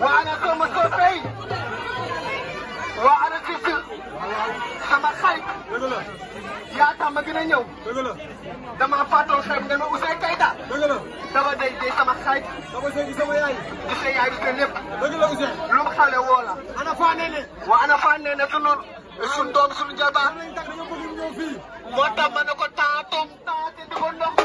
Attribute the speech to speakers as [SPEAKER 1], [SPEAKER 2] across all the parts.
[SPEAKER 1] وانا wa soppey وانا ci sama xarit yaa tax ma gën a ñëw dama fàttoo xel nga ma Ouzin Keita dama day day sama xarit di sa yaay di sa lépp lu mu xale woo la ana faa nee ne ana faa nee ne sunu sunu doom moo tax ma taatum taate di ko ndox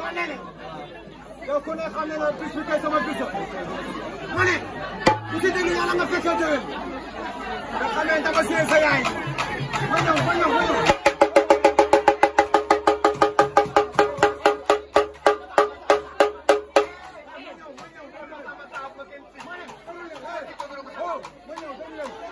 [SPEAKER 1] waaw nene yow ku ne xam ne na bis bi kay sama bis la ma ne
[SPEAKER 2] bu ci dégg yàlla nga
[SPEAKER 1] fekkee déwén nga xam ne dama seen sa yaay ma ñëw ma ñëw ma ñëw Oh, my God.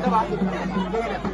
[SPEAKER 1] 干嘛？